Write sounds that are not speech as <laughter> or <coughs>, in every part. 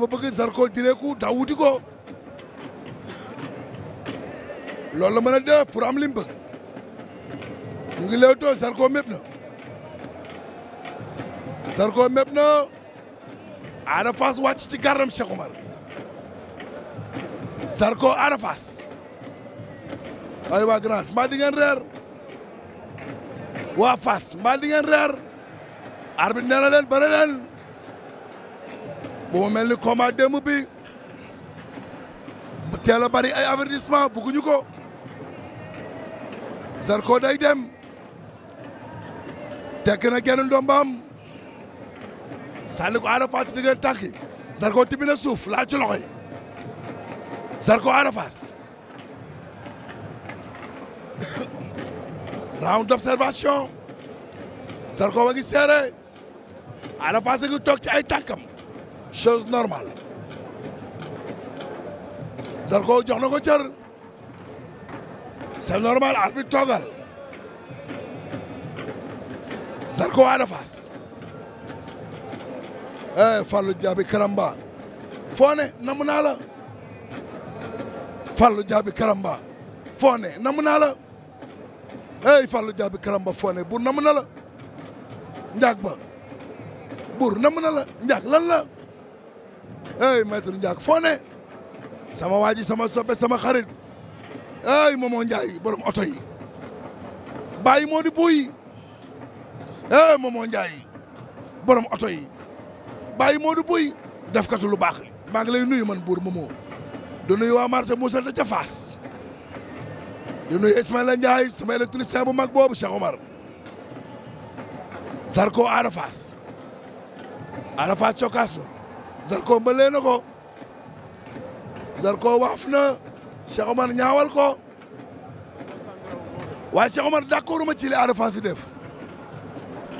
dafa bëgg Zarko diree ko daa ko loolu la mën a def pour am li mu bëgg ñu ngi leewtoo Zarko mépp na Zarko mépp na Ada Fass wàcc ci gàrdam Cheikh Omar Zarko Ada Fass ay waa Grand reer waa Fass mbaa di reer arbitre nee na leen bëre leen boo mel ni combat démb bi teel bari ay avertissement bugguñu ko Zarko day dem tekk na genn ndombaam sànni ko Ada Fass ci diggante tànk yi Zarko tibb na suuf laal ci loxo yi Zarko Ada Fass <coughs> round d'observation Zarko wa ngi seere Ada Fass a toog ci ay tànkam chose normal Zarko jox na ko cër c'est normal arbitre toogal Zarko Ada Fass eh Fallou Diaby Karamba foo ne namu naa la Fallou Diaby Karamba foo ne namu naa la eh Fallou Diaby Karamba foo ne buur namu na la njaag ba na la njaag lan la hey maître Ndiak foo sama waa ji sama soppe sama xarit hey Momo Ndiaye borom oto yi bàyyi moo di buy hey Momo Ndiaye borom oto yi bàyyi moo di buy def katu lu baax li maa ngi lay nuyu man buur Momo di nuyu waa marché Moussa ta ca Fass di nuyu Ismaïla Ndiaye sama électricien bu mag boobu Cheikh Omar Sarko Arafas Arafas cokaas Zarko mbalee na ko Zarko waaf na Cheikh Omar ko waaye Cheikh Omar ma ci li def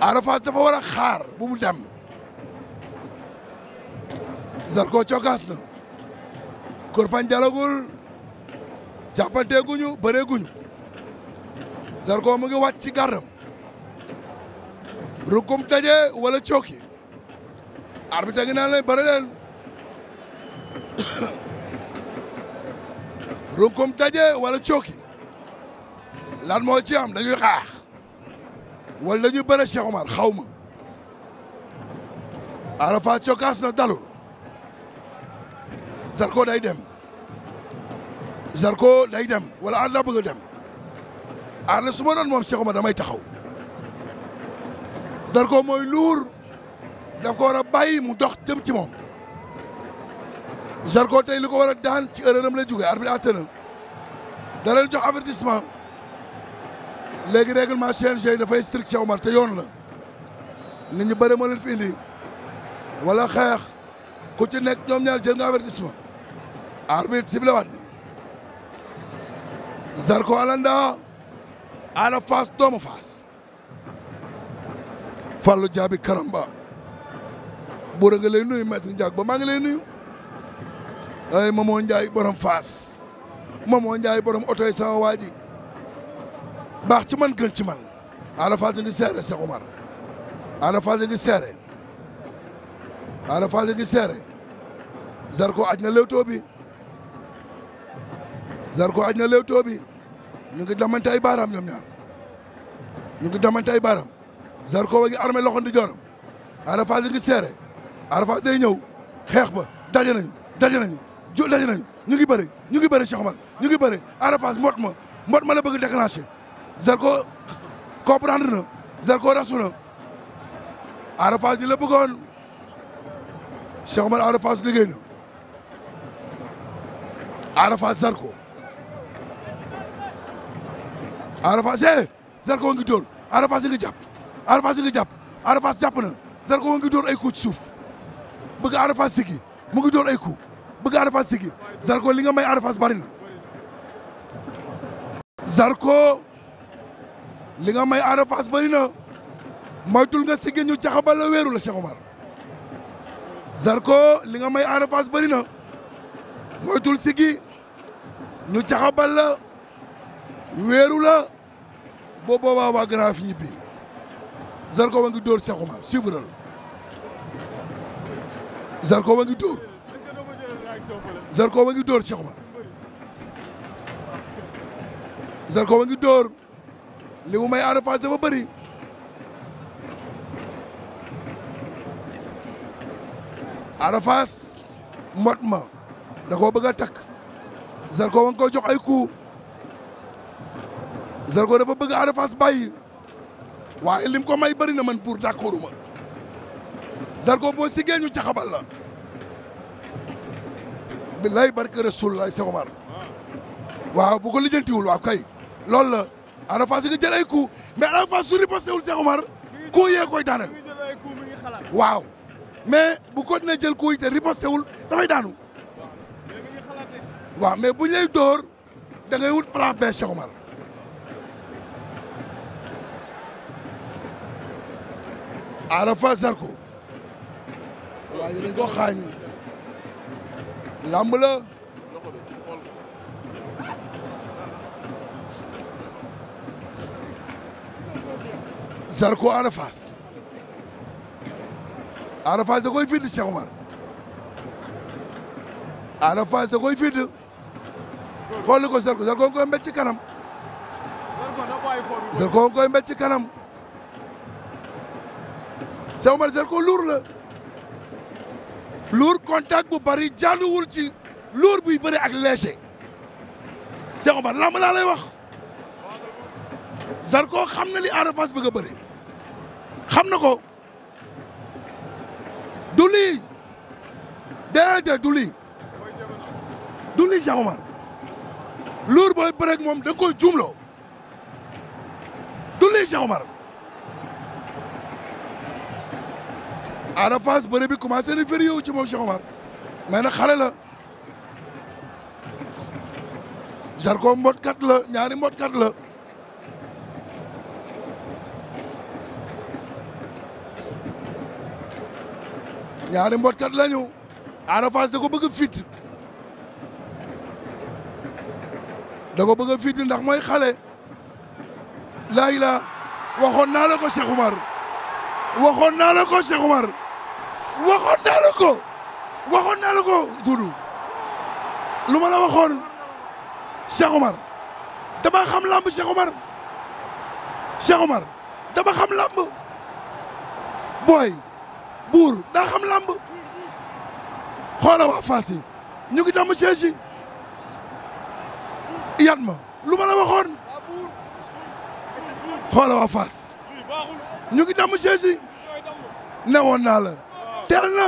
Ada Fass dafa war a xaar bu mu dem Zarko cokaas na kurpañ jalagul jàppante guñu Zarko mu ngi wàcc ci gàrdam rukum taje wala cooki arbitre gi naan lay bëri leen runkum taje wala cooki lan moo ci am dañuy xaax wala dañuy bëre Cheikh Omar xaw ma Arafa cokaas na Zarko day dem Zarko day dem wala aar la bëgg dem aar na su ma doon moom Cheikh Omar damay taxaw Zarko mooy luur daf ko war a bàyyi mu dox jëm ci moom Zarko tey li ko war a daan ci erreuram la jóge arbitre àtte na da leen jox avertissement léegi règlement CNG dafay strict Cheikh Omar te yoon la nit ñu bëri moo leen fi indi wala xeex ku ci nekk ñoom ñaar jël nga avertissement arbitre sible waat na Zarko alanda ala Fass doomu Fass fallu jaabi karamba Boora nga lay nuyu maître Ndiago ba maa ngi lay nuyu ay Momo Ndiaye borom Faas Momo Ndiaye borom oto yi sama waa ji baax ci man gën ci man Ada Fass ngi seere Cheikh Omar Ada Fass ngi seere Ada Fass ngi seere Zarko aj na lewtoo bi Zarko aj na lewtoo bi ñu ngi damante ay baaraam ñoom ñaar ñu ngi damante ay Zarko wa ngi armé loxo ndi jooram Ada ngi seere Ada Fass day ñëw xeex ba daje nañu daje nañu ju daje nañu ñu ngi bëri ñu ngi bëri Cheikh Omar ñu ngi bëri Ada Fass mbot ma mbot bëgg déclenché Zarko comprendre na Zarko rasu na Ada Fass di la bëggoon Cheikh Omar Ada Fass liggéey Zarko Ada Fass Zarko eh, ngi dóor Ada Fass ngi jàpp Ada Fass ngi jàpp Ada Fass na Zarko ngi dóor ay coup ci suuf bëgg Ada Fass sigi mu ngi door ay coup bëgg Ada Fass Zarko li nga may Ada Fass Zarko li nga may Ada Fass bari na moytul nga sigi ñu caxabal la wéeru la Cheikh Omar Zarko li nga may Ada Fass bari na moytul sigi ñu caxabal la wéeru la boo boobaa waa Grand Yoff ñibbi Zarko wa ngi dóor Cheikh Omar suivre Zarko ma ngi dóor Zarko ma ngi dóor Cheikh Omar Zarko ma ngi dóor li mu may Ada Fass dafa bëri Ada mot ma dakoo koo bëgg a takk Zarko ma ngi koy jox ay coups Zarko dafa bëgg Ada Fass bàyyi waaye lim ko may bëri na man pour d'accorduma Zarko boo siggee ca caxabal la billaay barke Rasulullah Cheikh Omar waaw bu ko lijjantiwul waaw kay loolu la Ada Fass nga jël ay coup mais Ada Fass su riposté wul Cheikh Omar coup yee koy daaneel waaw mais bu ko dina jël coup yi te riposté wul dafay daanu waaw mais buñ lay dóor da ngay wut plan B Cheikh Omar Ada Fass Zarko waaye dinañ ko xaañ làmb la Zarko Ada Fass Ada Fass da koy find Cheikh Omar Ada Fass da koy Zarko Zarko nga koy ci kanam Zarko nga koy ci kanam sew Omar Zarko luur la luur contact bu bëri jaaduwul ci luur buy bëri ak léger Cheikh Omar lamb lay wax Zarko xam na li Ada Fass bëgg a xam na ko du lii déedéet duli lii du luur booy bëreeg moom da nga koy juumloo du lii Ada Fass bëre bi commencé na fëri yow ci moom Cheikh Omar mais nag xale la Zarko mbotkat la ñaari mbotkat la ñaari mbotkat la ñu Ada Fass ko bëgg fit da bëgg a fit ndax mooy xale laay la waxoon naa la ko Cheikh Omar waxoon naa la ko Cheikh Omar waxoon naa la waxoon naa la ko Doudou lu ma la waxoon Cheikh Omar dama xam làmb Cheikh Omar Cheikh Omar dama xam làmb booy buur daa xam làmb xoola waa Fass yi ñu ngi damm siège yi ma lu ma la waxoon xoola waa Fass ñu ngi damm siège yi newoon naa la teel na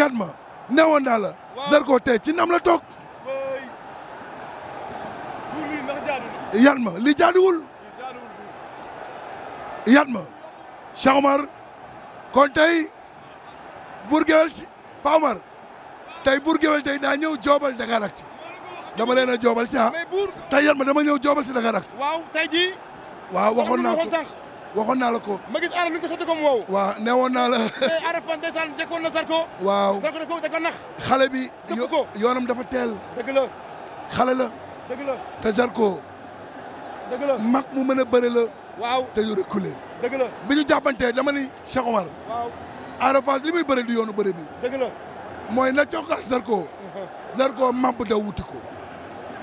yat ma newoon naa la Zarko tey ci nam la toog yat ma li jaaduwul yat ma Cheikh Omar kon tey Bour Gueweul Pa Omar tey Bour Gueweul tey daa ñëw joobal Dakaractu dama leen a joobal si a ah. tey yat ma dama ñëw joobal si Dakaractu waaw tey waaw waxoon naa ko waxoon naa la ko. ma gis aara nu ko sotti comme wow. waaw ne woon naa la. tey eh, aara fan desaan jëkkoon na Sarko. waaw Sarko da xale bi yoonam dafa teel. dëgg la. xale la. dëgg la te Sarko. mag mu mën a la. waaw te yu reculé. dëgg bi ñu jàppantee dama ni Cheikh Omar. waaw aara Fass li muy bëre du yoonu bëre bi. dëgg mooy na jox ko Sarko. Sarko uh-huh. mamp da wuti ko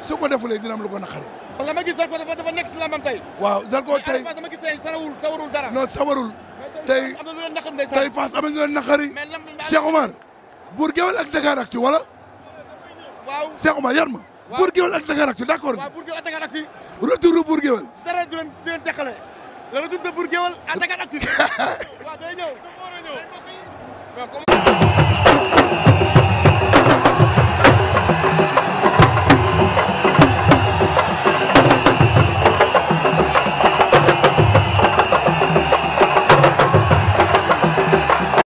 su ko defulee dina am lu ko naqari. parce que ma gis dafa dafa nekk si lambam tey. waaw Zarko tey mais dama gis tey sawarul sawarul dara. non sawarul. tey am na lu leen naqari tey tey Fass am na lu leen naqari. Cheikh Omar. Bour Gueweul ak Dakaractu wala. waaw Cheikh Omar yar ma. waaw ak Dakaractu d' accord. waaw Bour Gueweul ak Dakaractu. retour Bour Gueweul. dara